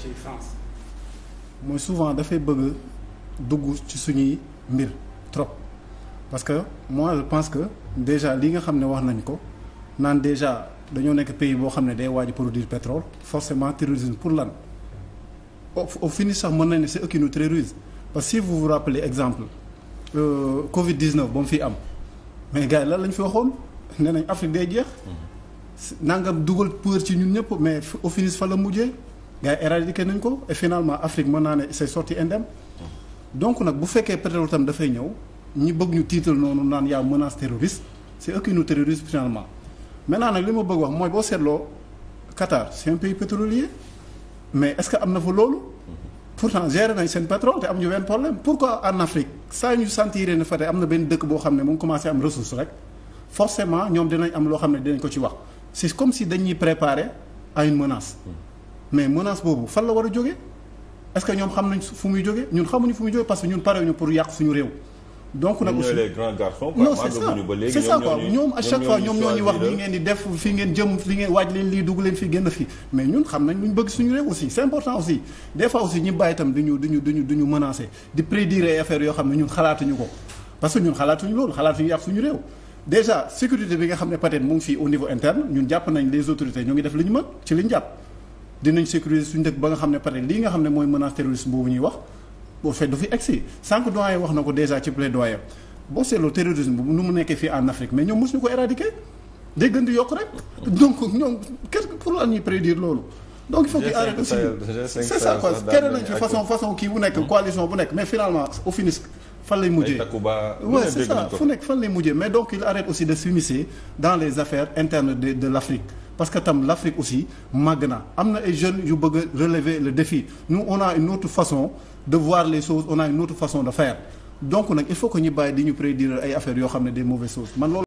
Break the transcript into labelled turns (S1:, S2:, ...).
S1: ci France. mooy souvent dafay bëgg dugg ci suñuy mbir trop parce que moi je pense que déjà li nga xam ne wax nañ ko naan déjà dañoo nekk pays boo xam ne day waaj produire pétrole forcément terrorisme pour lan au finish sax mën nañ ne si eux qui parce que si vous vous rappelez exemple euh, Covid 19 ba mu fi am mais gars yi lan lañ fi waxoon nee nañ Afrique day jeex mm-hmm. nangam dugal peur ci ñun ñëpp mais au finish fa la mujjee. gars yi nañ ko et finalement Afrique mën naa ne c'est sorti indemne donc nag bu fekkee pétrole tam dafay ñëw ñi bëgg ñu tiital noonu naan yaa menace terroriste c'est eux qui nous terrorisent finalement maintenant nag li ma bëgg wax mooy boo seetloo Qatar c'est un pays pétrolier mais est-ce que am na fa loolu pourtant gérer nañ seen pétrole te am ñu benn problème pourquoi en Afrique saa ñu sentir ne fa te am na benn dëkk boo xam ne mu ngi commencé am ressource rek ñoom dinañ am loo xam ne dinañ ko ci wax comme si dañuy préparer à menace mais menace boobu fan la war a jógee est-ce que ñoom xam nañ fu muy jógee fu muy jógee parce que ñun parewuñu pour yàq suñu réew. donc nag aussi les grands garçons. non ñu wax li ngeen di def fi ngeen jëm li ngeen waaj leen lii dugg leen fii génn fii mais ñun xam nañ lu ñu bëgg suñu réew aussi c'est important aussi des fois aussi ñi bàyyi itam duñu duñu yoo xam ne ñun xalaatuñu ko parce que ñun xalaatuñu loolu xalaatuñu yàq suñu réew déjà sécurité bi nga xam ne peut-être mu ngi fii au niveau interne ñun jàpp nañ les autorités ñoo ngi def li ñu mën ci li ñu jàpp dinañ sécuriser suñ dëkk ba nga xam ne peut-être lii nga xam ne mooy menace terroriste boobu ñuy wax boo fait du fi egsi sànq doyen wax na ko déjà ci plaidoyer boo seetloo terrorisme bu nu mu nekkee fii en Afrique mais ñoom mosuñu ko éradiquer day gën di yokk rek donc ñoom qu'est-ce que pour lan ñuy prédire loolu donc il faut qu'il aussi c'est ça fi fu nekk fan lay mujjee mais donc il arrête aussi de s'immiscer dans les affaires internes de de l'Afrique parce que tam l'Afrique aussi màgg na am na ay jeunes yu bëgg a relever le défi nous on a une autre façon de voir les choses on a une autre façon de faire donc nag il faut que ñu di ñu prédire ay affaires yoo xam ne des mauvaises choses man loolu